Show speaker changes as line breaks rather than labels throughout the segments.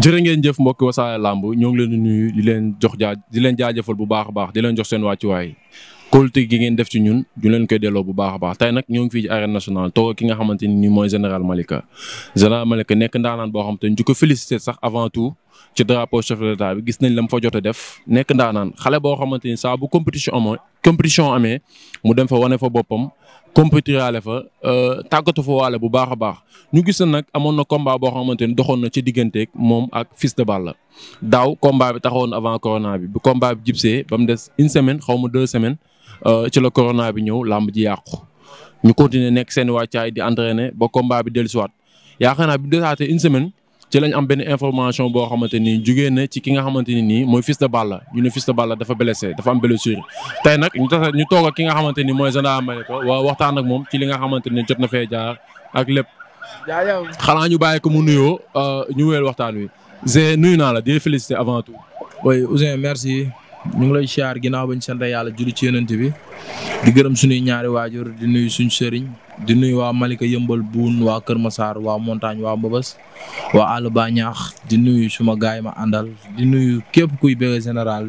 jërë ngeen jëf mbokki wasaare làmb ñoo ngi leen di leen jox jaa di leen jaajëfal bu baax a baax di leen jox seen wàccuwaay kóolute gi ngeen def ci ñun du leen koy delloo bu baax a baax tey nag ñoo ngi fii ci arène nationale toog ki nga xamante ni mooy général Malika général Malika nekk ndaanaan boo xam te ñu ko félicité sax avant tout ci drapeau chef de bi gis nañ la mu fa jot a def nekk ndaanaan xale boo xamante ni saa bu compétition amoo compétition amee mu dem fa wane fa boppam compétiraale fa euh, tàggatu fa waale bu baax a baax ñu gis na nag amoon na combat boo xamante ni doxoon na ci digganteeg moom ak Fils la daaw combat bi taxawoon avant corona bi bu combat bi jibsee ba mu des une semaine xaw ma deux semaines euh, ci la corona bi ñëw làmb ji yàqu ñu continuer nekk seen wàccaay di entraîner ba combat bi bi desaatee une ci lañ am benn information boo xamante ni jugee na ci ki nga xamante ni nii mooy Fils de Balla ñu ne Fils de Balla dafa blessé dafa am blessure tey nag ñu tax ñu nga xamante ni mooy Général a waaw waxtaan ak moom ci li nga xamante ni jot na fee jaar ak lépp. jaajëf xanaa ñu bàyyi ko mu nuyoo euh, ñu wéyal waxtaan wi. Zé nuyu naa la di féliciter avant tout.
oui Ouzin merci. ñu ngi lay siyaar ginnaaw bañ sant yàlla julli ci yonent bi di gërëm suñuy ñaari waajur di nuyu suñu sëriñ di nuyu waa Malika yëmbal buun waa Kër Masaar waa Montagne waa Mbëbës waa àll ba ñaax di nuyu suma gaay ma àndal di nuyu képp kuy bëgg général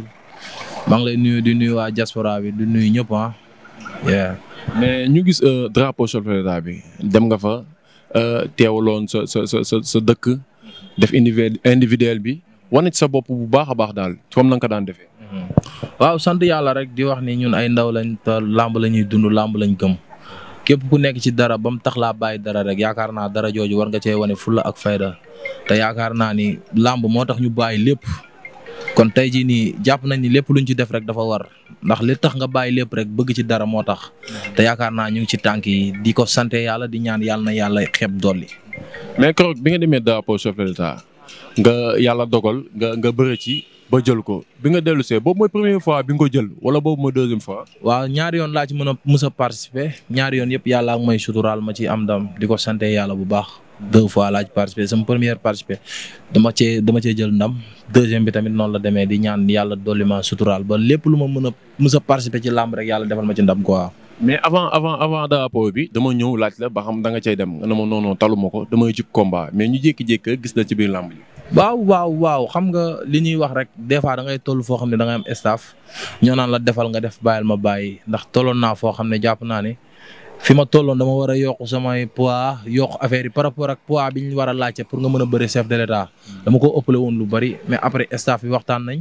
maa ngi lay nuyu di nuyu waa diaspora bi di nuyu ñëpp ah.
mais ñu gis euh, drapeau chef bi dem nga fa euh, teewaloon sa sa sa sa dëkk def individuel bi wane ci sa bopp bu baax a baax
daal comme na ko daan defee. waaw sant yàlla rek di wax ni ñun ay ndaw lañ te làmb la ñuy dund làmb lañ gëm képp ku nekk ci dara ba mu tax laa bàyyi dara rek yaakaar naa dara jooju war nga cee wane fulla ak fayda te yaakaar naa ni làmb moo tax ñu bàyyi lépp kon tey ji ni jàpp nañ ni lépp luñ ci def rek dafa war ndax li tax nga bàyyi lépp rek bëgg ci dara moo tax te yaakaar naa ñu ci tànk yi di ko sante yàlla di ñaan yàlla na yàlla xeeb dolli. mais keroog bi nga demee drapeau chef de l'État nga ba jël ko bi nga dellu see boobu mooy première fois bi nga ko jël wala boobu mooy deuxième fois. waaw ñaari yoon laa ci a mës a participer ñaari yoon yëpp yàlla ak may suturaal ma ci am ndam di ko sant yàlla bu baax. deux fois laa ci participé sama première participé dama cee dama cee jël ndam deuxième bi tamit noonu la demee di ñaan yàlla dolli ma suturaal ba lépp lu ma mën a mës a participé ci làmb rek yàlla defal ma ci ndam quoi.
mais avant avant avant drapeau bi dama ñëw laaj la ba xam da nga dem nga ne ma non non talu ma ko damay jub combat mais ñu jékki-jékki gis la ci biir làmb
waaw waaw waaw xam nga li ñuy wax rek des fois da ngay toll foo xam ne da ngay am staff ñoo naan la defal nga def bàyyil ma bàyyi ndax tolloon naa foo xam ne jàpp naa ne fi ma tolloon dama war a yokk samay poids yok affaire yi par rapport ak poids bi ñu war a laajte pour nga mën a bëre chef de l'état dama ko ëppale woon lu bari mais après staff bi waxtaan nañ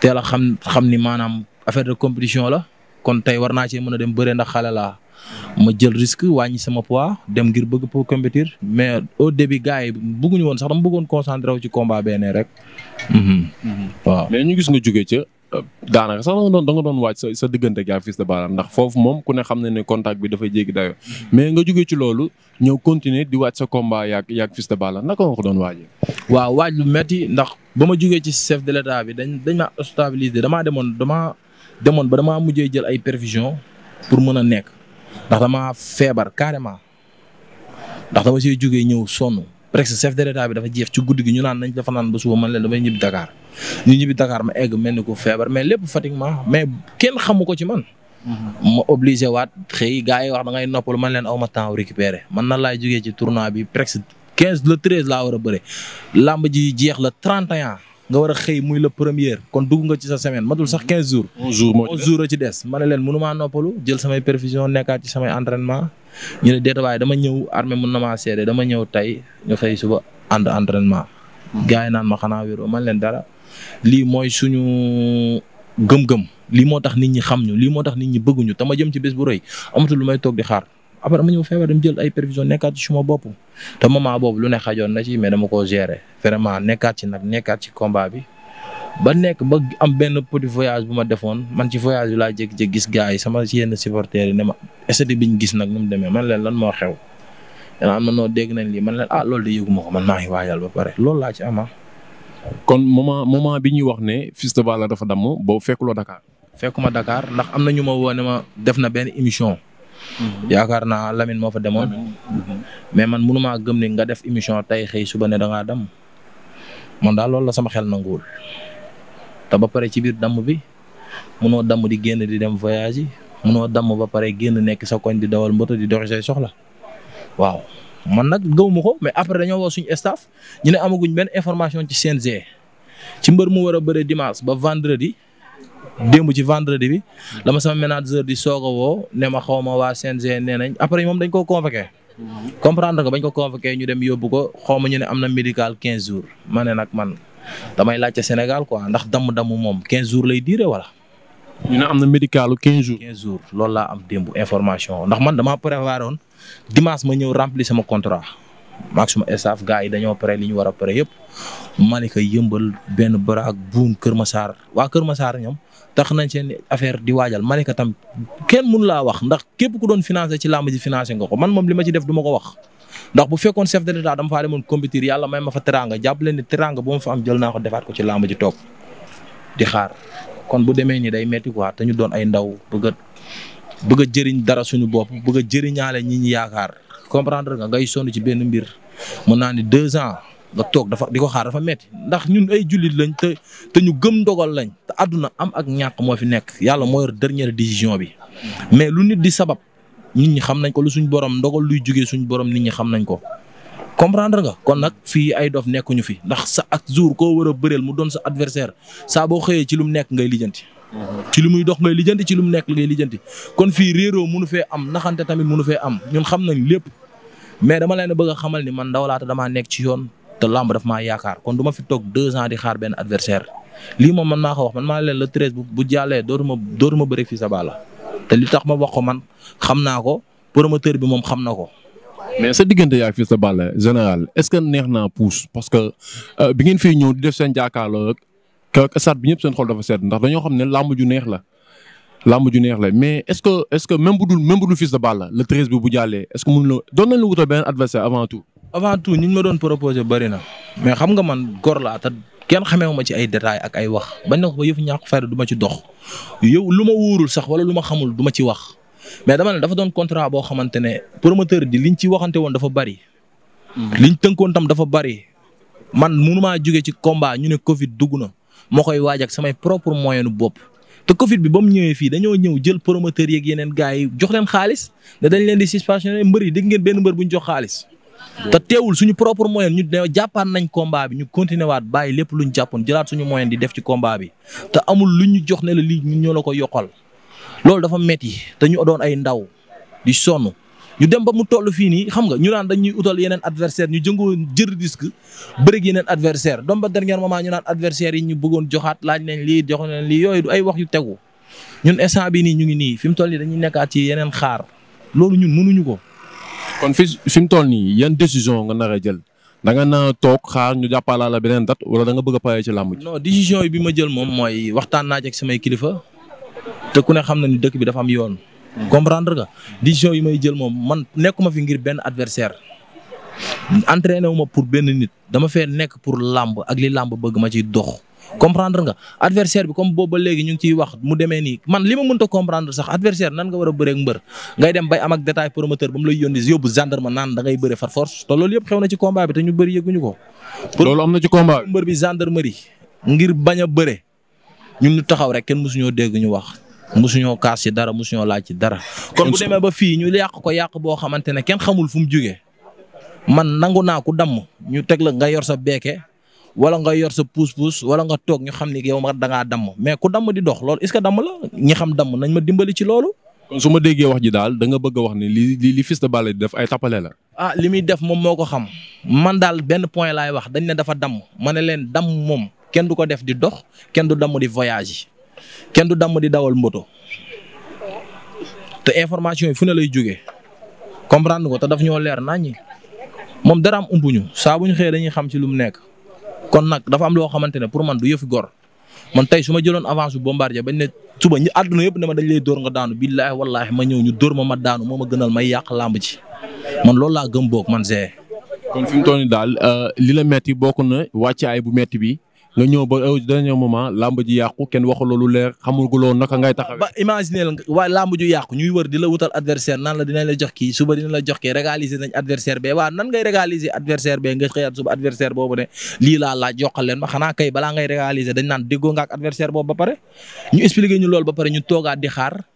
teel a xam xam ni maanaam affaire de compétition la kon tey war naa cee mën a dem bëre ndax xale laa ma jël risque wàññi sama pois dem ngir bëgg pour compétir mais au début gars yi bëgguñu woon sax dama bëggoon concentré wu ci combat benn rek. Mhm. waaw
mais ñu gis nga jógee ca daanaka sax da doon da nga doon waaj sa sa diggante ak yaa Fils de ndax foofu moom ku ne xam na ne contact bi dafay jéggi dayo mais nga jógee ci loolu ñëw continuer di waaj sa combat yaag
yaag Fils de Balla naka nga ko doon waajee. waaw waaj lu metti ndax ba ma jógee ci chef de l'état bi dañ dañ ma stabiliser damaa demoon damaa demoon ba damaa mujjee jël ay perfusion pour mën a nekk. ndax damaa feebar carrément ndax dama see jógee ñëw sonn presque chef de l'état bi dafa jeex ci guddi gi ñu naan nañ dafa naan ba suba man leen damay ñibbi Dakar ñu ñibbi Dakar ma egg mel ni ko feebar mais lépp pratiquement mais kenn xamu ko ci man. Mm-hmm. ma obligé waat xëy gars yi wax na ngay noppal man leen aw ma temps récupéré man na laay jógee ci tournoi bi presque quinze le treize laa war a bëre làmb ji jeex la trente et nga war a xëy muy la premier kon dugg nga ci sa semaine matul sax 15 jour 11 jours moo ci des a ci des. ma ne leen mënumaa noppalu jël samay perfusion nekkaat ci samay entraînement ñu ne déet waaye dama ñëw armée mun na maa seede dama ñëw tey ñu xëy suba ànd entraînement. gars yi naan ma xanaa wéeru man leen dara lii mooy suñu gëm-gëm lii moo tax nit ñi xam ñu lii moo tax nit ñi bëgguñu tama jëm ci bés bu rëy amatul lu may toog di xaar. après ma ñëw feebar dem jël ay prévision nekkaat ci suma bopp te moment boobu lu ne xajoon na ci mais dama ko gérer vraiment nekkaat ci nag nekkaat ci combat bi. ba nekk ba am benn petit voyage bu ma defoon man ci voyage bi laa jékki-jékki gis gars yi sama yenn supporters yi ne ma stade bi ñu gis nag nu mu demee man leen lan moo xew. danaa man noo dégg nañ lii man leen ah loolu de yëgu ko man maa ngi waajal ba pare loolu laa ci ama ah. kon moment moment bi ñuy wax ne
Fils de Balla dafa damm boobu fekkuloo Dakar.
fekkuma Dakar ndax am na ñu ma woo ne ma def na benn émission. Mhm. yaakaar naa Lamine moo fa demoon. Mhm. mais man mënumaa gëm ni nga def émission tey xëy suba ne da ngaa moon daal loolu la sama xel nanguwul te ba pare ci biir damm bi munoo damm di génn di dem voyage yi munoo damm ba pare génn nekk sa koñ di dawal mboto di doxi say soxla waaw. man nag gëwuma ko mais après dañoo woo suñu staff ñu ne amaguñ benn information ci CNG ci mbër mu war a bëre dimanche ba vendredi démb ci vendredi bi la ma sama manager di soog a ne ma xaw ma waa CNG nee nañ après moom dañ ko convoqué. comprendre ko bañ ko convoqué ñu dem yóbbu ko xaw ma ñu ne am na médical quinze jours ma ne nag man damay laajte Sénégal quoi ndax dam damm moom 15 jours lay diire wala. ñu ne am na médicalu 15 jours. 15 jours loolu laa am démb information ndax man damaa prévoir woon dimanche ma ñëw remplir sama contrat. maak suma staff gars yi dañoo pare li ñu war a pare yëpp Malika yëmbal benn baraag buun Kër Massar waa Kër Massar ñoom tax nañ seen affaire di waajal Malika tam kenn mënu laa wax ndax képp ku doon financé ci làmb ji financé nga ko man moom li ma ci def du ma ko wax. ndax bu fekkoon chef de l'état dama faa demoon compétir yàlla may ma fa teraanga jàpp leen ni teraanga bu ma fa am jël naa ko defaat ko ci làmb ji toog di xaar kon bu demee nii day metti quoi doon ay ndaw bëgg bëgg a jëriñ dara suñu bopp bëgg a jëriñaale ñi ñu yaakaar comprendre nga ngay sonn ci benn mbir mën naa ni deux ans nga toog dafa di ko xaar dafa metti ndax ñun ay jullit lañ te te ñu gëm ndogal lañ te àdduna am ak ñàkk moo fi nekk yàlla mooy yor dernière décision bi mais lu nit di sabab nit ñi xam nañ ko lu suñ borom ndogal luy jugee suñ borom nit ñi xam nañ ko. comprendre nga kon nag fii ay dof nekkuñu fi ndax sa ak jour koo war a bëreel mu doon sa adversaire saa boo xëyee ci lu mu nekk ngay lijjanti. ci li muy dox ngay lijjanti ci lu mu nekk ngay lijjanti kon fii réeroo munu fee am naxante tamit munu fee am ñun xam nañ lépp mais dama leen bëgg a xamal ni man ndaw laata damaa nekk ci yoon te lamb daf maa yaakaar kon du fi toog deux ans di xaar benn adversaire lii moom man maa ko wax man maa leen le treize bu bu jàllee dootuma dootuma bëre fii sa bala te li tax ma wax ko man xam naa ko promoteur bi moom xam na ko.
mais sa diggante yaa fii sa bala général est-ce que neex na pousse parce que euh, bi ngeen fii ñëw di def seen jàkkaarloo rek keroog stade bi ñëpp seen xol dafa sedd ndax dañoo xam ne làmb ju neex la làmb ju neex la mais est ce que est ce que même bu
dul même bu dul fils de Balla le treize bi bu jàllee est ce que mën la doon nañ la wutal benn adversaire avant tout. avant ma doon proposé bëri na mais xam nga man gor laa te kenn xamee ma ci ay détails ak ay wax bañ na ko ba yëfu ñàkk fayda du ma ci dox yow lu ma wóorul sax wala lu ma xamul du ma ci wax mais dama ne dafa doon contrat boo xamante ne promoteur bi liñ ci waxante woon dafa bëri. Mm. liñ tënkoon tam dafa bëri man mënumaa jóge ci combat ñu ne Covid dugg na. moo koy waaj ak samay propre moyenu bopp. te Covid bi ba mu ñëwee fii dañoo ñëw jël promoteur yeeg yeneen gars yi jox leen xaalis ne dañ leen di suspensionné mbër yi dégg ngeen benn mbër bu ñu jox xaalis. te teewul suñu propre moyen ñu ne jàppaat nañ combat bi ñu continué waat bàyyi lépp luñ jàppoon jëlaat suñu moyen di def ci combat bi te amul lu ñu jox ne la lii ñu ñëw la ko yokkal loolu dafa metti te ñu doon ay ndaw di sonn ñu dem ba mu toll fii nii xam nga ñu naan dañuy utal yeneen adversaire ñu jëngoo jër risque bërig yeneen adversaire dom ba dernier moment ñu naan adversaire yi ñu bëggoon joxaat laaj nañ lii jox nañ lii yooyu du ay wax yu tegu ñun instant bi nii ñu ngi nii fi mu toll nii dañuy nekkaat ci yeneen xaar loolu ñun mënuñu ko. kon fi fi mu toll nii yan décision nga nar a jël da nga na toog xaar ñu jàppalaa beneen date wala da nga bëgg a pare ci làmb ji. non décision bi ma jël moom mooy waxtaan naa ci ak te ku ne xam na ni dëkk bi dafa am yoon comprendre nga décision yi may jël moom man nekkuma fi ngir benn adversaire entraîné wu ma pour benn nit dama fee nekk pour làmb ak li làmb bëgg ma ci dox. comprendre nga adversaire bi comme booba léegi ñu ngi ciy wax mu demee nii man li ma mënta comprendre sax adversaire nan nga war a bëreeg mbër ngay dem bay am ak détail promoteur ba mu lay yónni yóbbu gendarme naan da ngay bëre far force te loolu yëpp xew na ci combat bi te ñu bëri yëguñu ko. loolu am na ci combat bi mbër bi ngir bañ a bëre ñun ñu taxaw rek kenn mësuñoo dégg ñu wax. musuñoo kaas ci dara musuñoo laaj ci dara. kon bu demee ba fii ñu yàq ko yàq boo xamante ne kenn xamul fu mu jógee man nangu naa ku damm ñu teg la nga yor sa beeke wala nga yor sa puus-puus wala nga toog ñu xam ni yow ma da ngaa damm mais ku damm di dox loolu est-ce que damm xam damm nañ ma dimbali ci loolu. kon su ma déggee wax
ji daal danga nga bëgg
a wax ni li li li Fils def ay tapale la. ah li muy def moom moo ko xam man daal benn point laay wax dañ ne dafa damm ma ne leen damm moom kenn du ko def di dox kenn du damm di voyage kenn du damm di dawal moto te information yi fu ne lay jóge comprendre ko te daf ñoo leer ñi moom dara am umpuñu saa bu ñu xëyee dañuy xam ci lu mu nekk. kon nag dafa am loo xamante ne pour man du yëf gor man tey su ma jëloon avance bu bombardier bañ ne suba ñu àdduna yëpp ne ma dañ lay dóor nga daanu billaahi wallaahi ma ñëw ñu dóor ma ma daanu moo ma gënal may yàq lamb ci man loolu laa gëm boog man see.
kon fi mu toll daal euh, li la metti bokk na wàccaay bi. nga ñëw ba au dernier moment làmb ji yàqu kenn waxu loolu leer xamuloo naka ngay taxawee. ba
imaginer la waa làmb ju yàqu ñuy wër di la wutal adversaire naan la dinañ la jox kii suba dinañ la jox kii régaliser nañ adversaire bee waa nan ngay régaliser adversaire bee nga xëyaat suba adversaire boobu ne lii laa laaj yokkal leen xanaa kay balaa ngay régaliser dañ naan déggoo nga ak adversaire boobu ba pare ñu expliquer ñu loolu ba pare ñu toogaat di xaar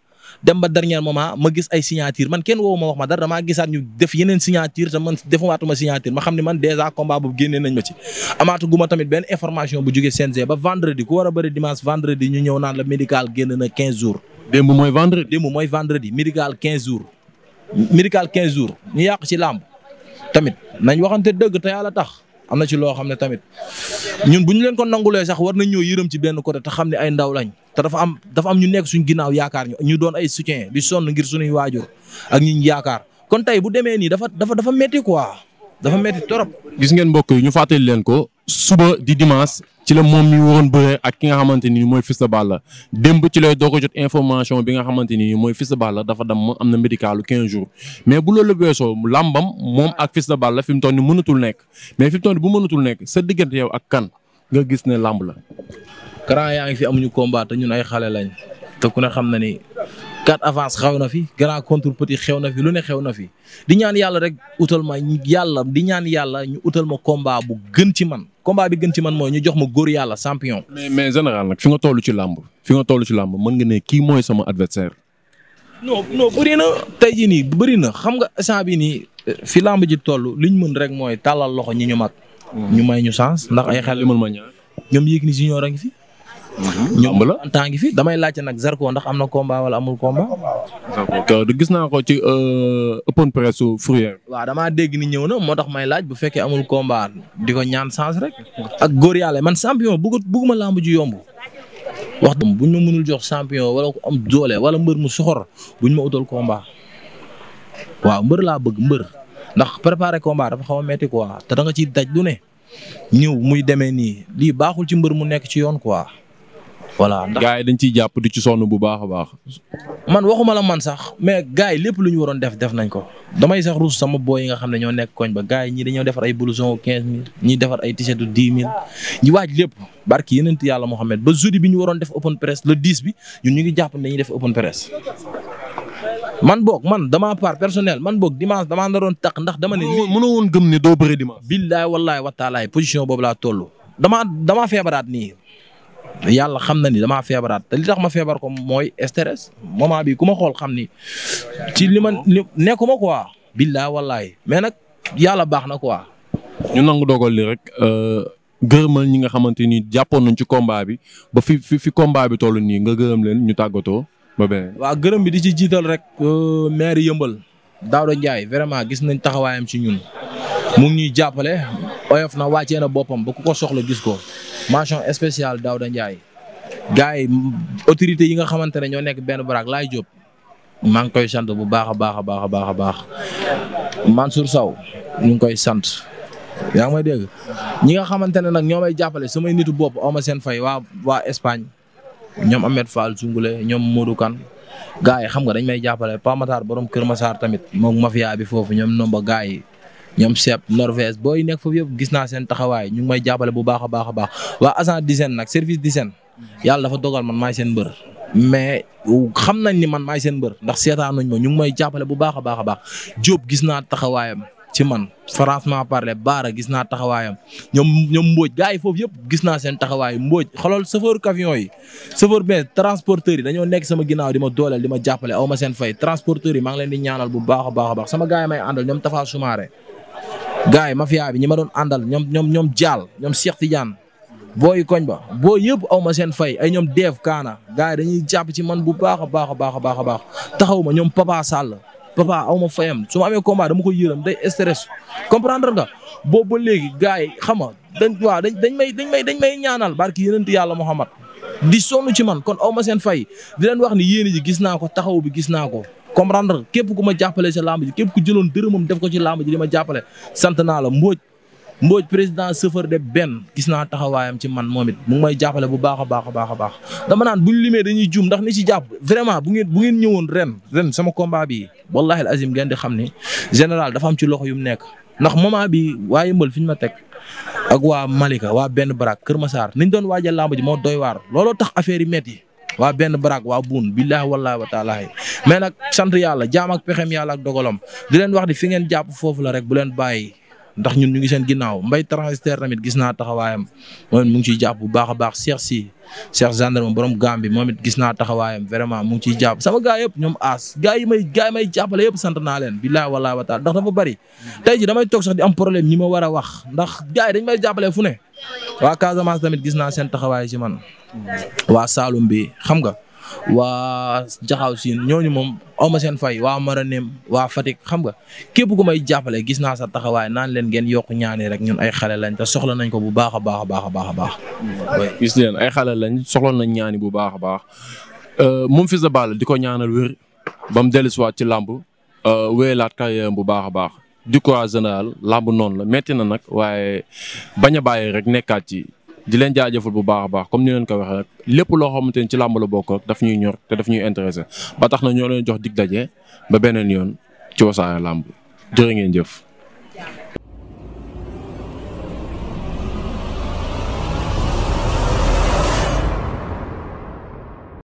dem ba dernier moment ma gis ay signature man kenn woowu ma wax ma dara damaa gisaat ñu def yeneen signature te man defuwaatuma signature ma xam ne man dèjà combat boobu génnee nañ ma ci. amaatu guma tamit benn information bu jógee CNG ba vendredi ku war a bëri dimanche vendredi ñu ñëw naan la médical génn na 15 jours. démb mooy vendredi. démb mooy vendredi médical 15 jours. jours ñu yàq ci làmb tamit nañ waxante dëgg te yàlla tax. am na ci loo xam ne tamit ñun bu ñu leen ko nangulee sax war nañ ñoo yërëm ci benn côté te xam ne ay ndaw lañ te dafa am dafa am ñu nekk suñ ginnaaw yaakaar ñu ñu doon ay soutien di sonn ngir suñuy waajur ak ñu yaakaar kon tey bu demee nii dafa dafa dafa métti quoi dafa métti trop. gis ngeen mbokk yi ñu fàttali leen ko suba di dimanche ci la moom mi waroon bëree ak ki nga xamante
ni mooy Fils de dem démb ci lay doo ko jot information bi nga xamante ni mooy Fils de Balla dafa dam am na médicalu 15 jours mais bu loolu weesoo làmbam moom ak Fils de Balla fi mu toll nii mënatul nekk
mais fi mu toll nii nekk sa diggante yow ak kan nga gis ne làmb la. grand yaa ngi fi amuñu combat te ñun ay xale lañ te ku ne xam na ni quatre avance xew na fi grand contre petit xew na fi lu ne xew na fi di ñaan yàlla rek utal ma yàlla di ñaan yàlla ñu utal ma combat bu gën ci man combat bi gën ci man mooy ñu jox ma góor yàlla sampion
mais mais général nag fi nga toll ci làmb fi nga toll ci làmb mën nga ne kii mooy sama adversaire.
non non na tey jii nii bëri na xam nga instant bi nii fi làmb ji toll liñ mën rek mooy tàllal loxo ñi ñu mag. Hmm. ñu ay xel yu mën ma ñaar Mhm. ñoom la en temps gi fi damay laajte nag Zarko ndax am na combat wala amul combat.
Zarko euh, gis naa ko ci euh, open press Fourrière.
waaw damaa dégg ni ñëw na moo tax may laaj bu fekkee amul komba di ko ñaan chance rek. ak góor yàlla man sampion bëggu bëgguma làmb ju yomb. wax dëgg buñ ma mënul jox champion wala ko am wala mbër mu soxor buñ ma utal combat waaw mbër laa bëgg mbër ndax préparer combat dafa xaw a metti quoi te da nga daj du ne ñëw muy demee nii lii baaxul ci mbër mu nekk ci yoon quoi. voilà ndax gars yi dañ ciy jàpp di ci sonn bu baax a baax. man waxuma la man sax mais gars yi lépp lu ñu waroon def def nañ ko damay sax ruus sama booy yi nga xam ne ñoo nekk koñ ba gars yi ñii dañoo defar ay blouson quinze mille ñii defar ay t-shirt dix mille ñu waaj lépp barki yeneen yàlla Mohamed ba jeudi bi ñu waroon def open press le dix bi ñun ñu ngi jàpp ne dañuy def open press. man boog man damaa part personnel man boog dimanche damaa naroon tax ndax dama ne. mënoo woon gëm ne doo bëre dimanche. billaay wallaay wataalaay position boobu laa toll. damaa damaa feebaraat nii yàlla xam na ni damaa feebaraat te li tax ma feebar ko mooy stress moment bi ku ma xool xam ni ci li ma nekkuma quoi. billaa wallaay mais nag yàlla baax na quoi.
ñu nangu dogal li rek euh, gërëmal ñi nga xamante ni jàppoon nañ ci combat bi ba fi fi fi bi toll nii nga gërëm leen ñu tàggatoo ba beneen.
waaw gërëm bi di ci jiital rek. Euh, maire yëmbal Daouda Ndiaye vraiment gis nañ taxawaayam ci ñun mu ngi jàppale oyof na wàccee na boppam ba ku soxla gis ko mention spéciale Daouda Ndiaye gars yi autorité yi nga xamante ne ñoo nekk benn baraak laay jóg maa ngi koy sant bu baax a baax a baax a baax a baax Mansour Sow ñu ngi koy sant. yaa ngi may dégg ñi nga xamante ne nag ñoo may jàppale samay nitu bopp aw ma seen fay waa waa Espagne ñoom Ahmed Fall Zoungule ñoom Modou kan gars yi xam nga dañ may jàppale Pamatar borom Kër Massar tamit moom mafia bi foofu ñoom nomba gars yi ñoom Sepp Norvège booy nekk foofu yëpp gis naa seen taxawaay ñu ngi may jàppale bu baax a baax a baax waa agent d'hygiène nag service d'hygiène yàlla dafa dogal man maay seen mbër mais xam nañ ni man maay seen mbër ndax seetaanuñ ma ñu ngi may jàppale bu baax a baax a baax Diop gis naa taxawaayam ci man franchement parler baara gis naa taxawaayam ñoom ñoom Mbodj gars yi yëpp gis naa seen taxawaay Mbodj xoolal chauffeur camion yi chauffeur benn transporteur yi dañoo nekk sama ginnaaw di ma dooleel di ma jàppale ma leen di ñaanal bu baax a gars yi mafia bi ñi ma doon àndal ñoom ñoom ñoom Dial ñoom Cheikh Tidiane booy koñ ba boo yëpp aw ma seen fay ay ñoom Dev Kaana gars yi dañuy jàpp ci man bu baax a baax a baax a baax taxaw ma ñoom Papa Sall papa aw ma fayam su ma amee combat dama ko yërëm day stress comprendre nga boo ba léegi gars yi xam nga dañ waaw dañ dañ may dañ may dañ may ñaanal barki yonent yàlla Muhammad di sonn ci man kon aw ma seen fay di leen wax ni yéen ji gis naa ko taxaw bi gis naa ko. comprendre képp ku ma jàppale sa lamb ji képp ku jëloon dërëmam def ko ci lamb ji di ma jàppale sant naa la Mbodj Mbodj président chauffeur de benn gis naa taxawaayam ci man moom it mu may jàppale bu baax a baax a baax a baax dama naan buñ limee dañuy juum ndax ni ci jàpp vraiment bu ngeen bu ngeen ñëwoon ren ren sama combat bi wallahi azim ngeen di xam ni général dafa am ci loxo yu mu nekk ndax moment bi waa Yëmbal fi ñu ma teg ak waa Malika wa benn barak Kër Massar niñ doon waajal lamb ji moo doy waar looloo tax affaire yi waa benn baraag waa buun billaahi wallaahi wa taalaahi mais nag sant yàlla jaam ak pexem yàlla ak dogalam di leen wax di fi ngeen jàpp foofu la rek bu leen bàyyi ndax ñun ñu ngi seen ginnaaw mbay transitaire tamit gis naa taxawaayam moom mu ngi ciy jàpp bu baax a baax Cheikh si Cheikh gendarme borom Gambie moom it gis naa taxawaayam vraiment mu ngi ciy jàpp sama gaa yëpp ñoom aas gaa yi may gaa yi may yëpp sant naa leen billaahi wallaahi wa taala ndax dafa bari tey ji damay toog sax di am problème ñi ma war a wax ndax gaa yi dañ may jàppale fu ne waa Casamance tamit gis naa seen taxawaay ci waa saalum bi xam nga waa jaxaw siin ñooñu moom aw ma seen fay waa Maraneem waa Fatick xam nga képp ku may jàppale gis naa sa taxawaay naan leen ngeen yokk ñaani rek ñun ay xale lañ te soxla nañ ko bu baax a baax a baax a baax gis leen ay xale lañ soxla nañ
ñaani bu baax a baax euh, moom Fils de Balla di ko ñaanal wér ba mu dellusiwaat ci làmb euh, wéyalaat carrière bu baax a baax. du coup général làmb noonu la metti na nag waaye bañ a bàyyi rek nekkaat ci. di leen jaajëfal bu baax a baax comme ni leen ko waxee rek lépp loo xamante ni ci làmb la bokk ak daf ñuy ñor te daf ñuy intéressé ba tax na ñoo leen jox dig daje ba beneen yoon ci wasaare làmb jërë ngeen jëf.